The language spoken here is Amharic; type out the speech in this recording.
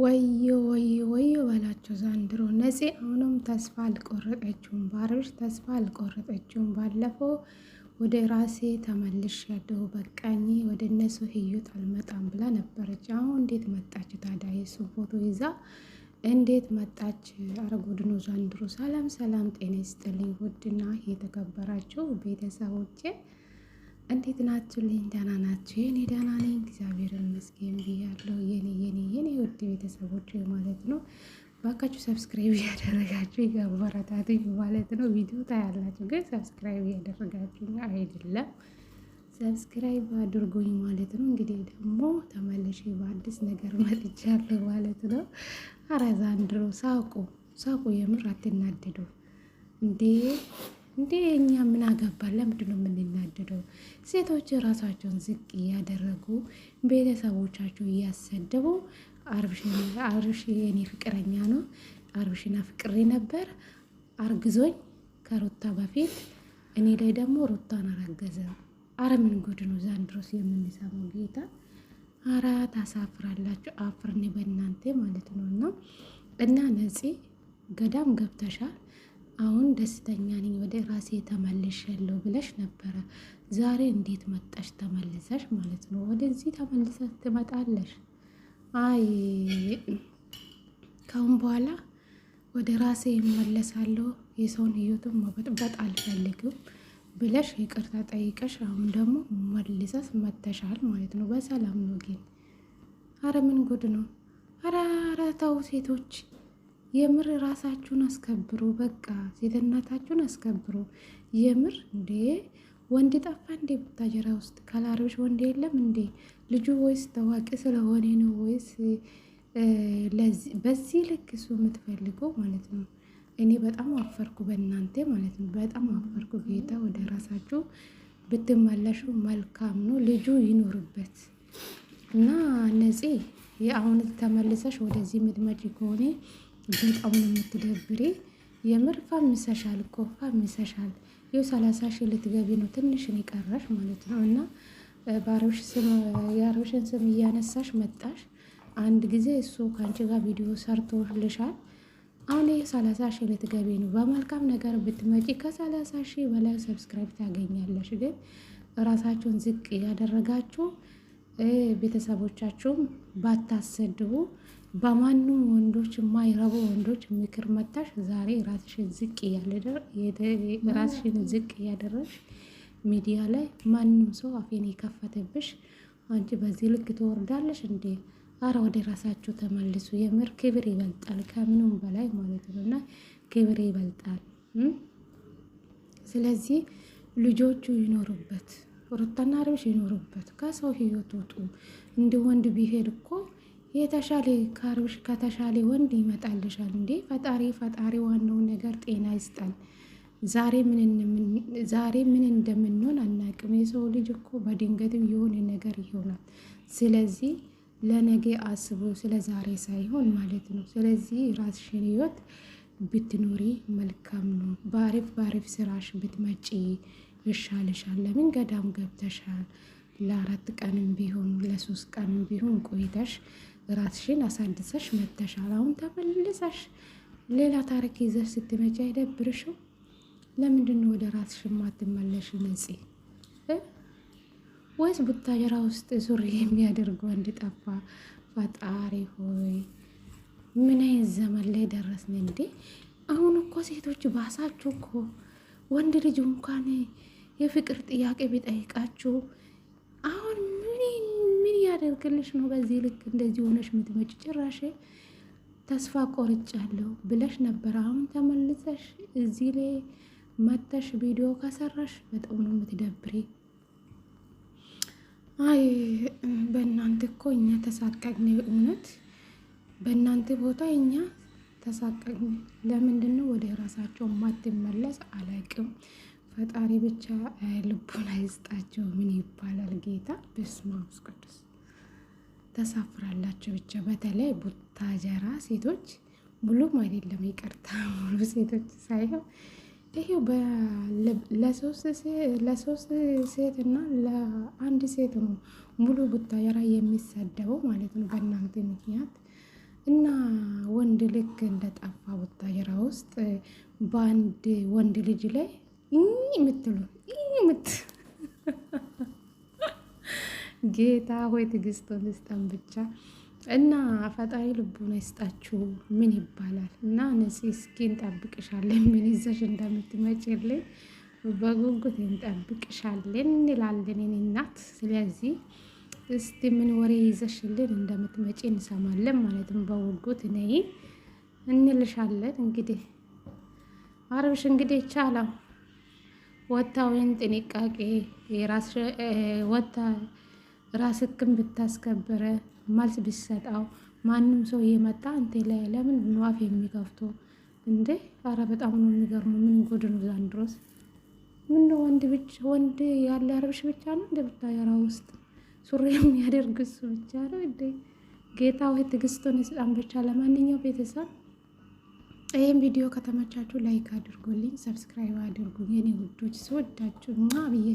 ወዮ ወዮ ወዮ በላቸው ዘንድሮ። ነፂ አሁንም ተስፋ አልቆረጠችውም፣ ባብርሽ ተስፋ አልቆረጠችውም። ባለፈው ወደ ራሴ ተመልሻለሁ በቃኝ፣ ወደ እነሱ ህይወት አልመጣም ብላ ነበረች። አሁን እንዴት መጣች ታዲያ? የሱ ፎቶ ይዛ እንዴት መጣች? አረጎድኖ ዘንድሮ። ሰላም ሰላም፣ ጤና ይስጥልኝ ውድና የተከበራችሁ ቤተሰቦቼ እንዴት ናችሁ? ናችሁልኝ? ደህና ናችሁ? የኔ ደህና ነኝ እግዚአብሔር ይመስገን ብያለሁ። የኔ የኔ የኔ ውድ ቤተሰቦች ማለት ነው። ባካችሁ ሰብስክራይብ እያደረጋችሁ የአበረታቱኝ ማለት ነው። ቪዲዮ ታያላችሁ፣ ግን ሰብስክራይብ እያደረጋችሁ አይደለም። ሰብስክራይብ አድርጎኝ ማለት ነው። እንግዲህ ደግሞ ተመልሼ በአዲስ ነገር መጥቻለሁ ማለት ነው። አረ ዛንድሮ ሳቁ ሳቁ፣ የምር አትናደዱ እንዴ! እንዴ እኛ ምን አገባን? ለምንድን ነው የምንናደደው? ሴቶች ራሳቸውን ዝቅ እያደረጉ ቤተሰቦቻቸው እያሰደቡ አብርሽ የኔ ፍቅረኛ ነው፣ አብርሽና ፍቅሬ ነበር አርግዞኝ ከሩታ በፊት እኔ ላይ ደግሞ ሩታን አረገዘ። አረ ምን ጉድ ነው ዛንድሮስ የምንሰማው ጌታ። አረ ታሳፍራላችሁ፣ አፍርን በእናንተ ማለት ነው። እና እና ነፂ ገዳም ገብተሻል አሁን ደስተኛ ነኝ ወደ ራሴ ተመልሻለሁ ብለሽ ነበረ። ዛሬ እንዴት መጣሽ ተመልሰሽ ማለት ነው? ወደዚህ ተመልሰሽ ትመጣለሽ? አይ ካሁን በኋላ ወደ ራሴ ይመለሳለሁ፣ የሰውን ህይወትም መበጥበጥ አልፈልግም ብለሽ ይቅርታ ጠይቀሽ አሁን ደግሞ መልሰስ መተሻል ማለት ነው። በሰላም ነው ግን። አረ ምን ጉድ ነው! አረ አረ ተው ሴቶች የምር ራሳችሁን አስከብሩ። በቃ ሴትነታችሁን አስከብሩ። የምር እንዴ ወንድ ጠፋ እንዴ? ቡታጀራ ውስጥ ከላሪዎች ወንድ የለም እንዴ? ልጁ ወይስ ታዋቂ ስለሆነ ነው ወይስ በዚህ ልክ እሱ የምትፈልገው ማለት ነው? እኔ በጣም አፈርኩ በእናንተ ማለት ነው። በጣም አፈርኩ። ጌታ ወደ ራሳችሁ ብትመለሹ መልካም ነው። ልጁ ይኖርበት እና ነፂ የአሁን ተመልሰሽ ወደዚህ ምድመጭ ከሆነ በጣም ነው የምትደብሬ። የምር ፋሚሰሻል እኮ ፋሚሰሻል። ይኸው ሰላሳ ሺህ ልትገቢ ነው ትንሽ ነው የቀረሽ ማለት ነው። እና የአብርሽን ስም እያነሳሽ መጣሽ። አንድ ጊዜ እሱ ከአንቺ ጋር ቪዲዮ ሰርቶልሻል። አሁን ይህ ሰላሳ ሺህ ልትገቢ ነው። በመልካም ነገር ብትመጪ ከሰላሳ ሺህ በላይ ሰብስክራይብ ታገኛለሽ። ግን ራሳችሁን ዝቅ እያደረጋችሁ ቤተሰቦቻችሁም ባታሰድቡ በማንም ወንዶች የማይረቡ ወንዶች ምክር መታሽ ዛሬ ራስሽን ዝቅ ራስሽን ዝቅ እያደረሽ ሚዲያ ላይ ማንም ሰው አፌን የከፈተብሽ አንቺ በዚህ ልክ ትወርዳለሽ እንዴ? አረ ወደ ራሳችሁ ተመልሱ። የምር ክብር ይበልጣል ከምንም በላይ ማለት ነው እና ክብር ይበልጣል። ስለዚህ ልጆቹ ይኖሩበት ሩታና አብርሽ ይኖሩበት፣ ከሰው ህይወት ውጡ። እንደ ወንድ ቢሄድ እኮ የተሻለ ከአብርሽ ከተሻለ ወንድ ይመጣልሻል እንዴ! ፈጣሪ ፈጣሪ ዋናው ነገር ጤና ይስጠን። ዛሬ ምን እንደምንሆን አናቅም። የሰው ልጅ እኮ በድንገትም የሆነ ነገር ይሆናል። ስለዚህ ለነገ አስቦ ስለ ዛሬ ሳይሆን ማለት ነው። ስለዚህ ራስሽን ህይወት ብትኖሪ መልካም ነው። በአሪፍ በአሪፍ ስራሽ ብትመጪ ይሻልሻል፣ ለምን ገዳም ገብተሻል፣ ለአራት ቀንም ቢሆን ለሶስት ቀንም ቢሆን ቆይተሽ ራስሽን አሳድሰሽ መጥተሻል። አሁን ተመልሰሽ ሌላ ታሪክ ይዘሽ ስትመጪ አይደብርሽም? ለምንድን ወደ ራስሽ ማትመለሽ? ነጽ ወይስ ቡታጀራ ውስጥ ዙር የሚያደርግ ወንድ ጠፋ? ፈጣሪ ሆይ ምን አይነት ዘመን ላይ ደረስን እንዴ! አሁን እኮ ሴቶች ባሳችሁ እኮ ወንድ ልጅ እንኳን የፍቅር ጥያቄ ቢጠይቃችሁ አሁን ምን ምን ያደርግልሽ ነው? በዚህ ልክ እንደዚህ ሆነሽ ምትመጭ ጭራሽ ተስፋ ቆርጫለሁ ብለሽ ነበር። አሁን ተመልሰሽ እዚህ ላይ መተሽ ቪዲዮ ከሰራሽ በጣም ነው የምትደብሬ። አይ በእናንተ እኮ እኛ ተሳቀቅን። እውነት በእናንተ ቦታ እኛ ተሳቀቁ። ለምንድን ነው ወደ ራሳቸው ማትመለስ አላቅም። ፈጣሪ ብቻ ልቡን አይስጣቸው። ምን ይባላል ጌታ በስመ ቅዱስ ተሳፍራላቸው ብቻ። በተለይ ቡታጀራ ሴቶች ሙሉም አይደለም ይቅርታ፣ ሙሉ ሴቶች ሳይሆን ይሄው ለሶስት ሴት እና ለአንድ ሴት ነው ሙሉ ቡታጀራ የሚሰደበው ማለት ነው በእናንተ ምክንያት እና ወንድ ልክ እንደጠፋ ቡታጀራ ውስጥ በአንድ ወንድ ልጅ ላይ የምትሉ ምት ጌታ ሆይ ትዕግስቱን ይስጠን ብቻ እና ፈጣሪ ልቡን አይስጣችሁ። ምን ይባላል እና ነፂ እስኪ እንጠብቅሻለን፣ ምን ይዘሽ እንደምትመጭልን በጉጉት እንጠብቅሻለን እንላለን እናት ስለዚህ እስቲ ምን ወሬ ይዘሽልን እንደምትመጪ እንሰማለን ማለት ነው። በውጉት ነይ እንልሻለን። እንግዲህ አብርሽ እንግዲህ ይቻላል ወታዊን ጥንቃቄ ወታ ራስክን ብታስከበረ መልስ ቢሰጣው ማንም ሰው እየመጣ አንተ ላይ ለምን ንዋፍ የሚከፍቶ እንዴ? አረ በጣም ነው የሚገርሙ። ምን ጉድ ነው ዛንድሮስ? ምን ወንድ ብቻ ወንድ ያለ አብርሽ ብቻ ነው እንደ ብታየራ ውስጥ ሱሪ የሚያደርግ እሱ ብቻ ነው እንዴ? ጌታ ወይ ትግስቱን ስጣን ብቻ። ለማንኛው ቤተሰብ ይህም ቪዲዮ ከተመቻችሁ ላይክ አድርጉልኝ፣ ሰብስክራይብ አድርጉ የኔ ውዶች። ስወዳችሁ ማ ብዬ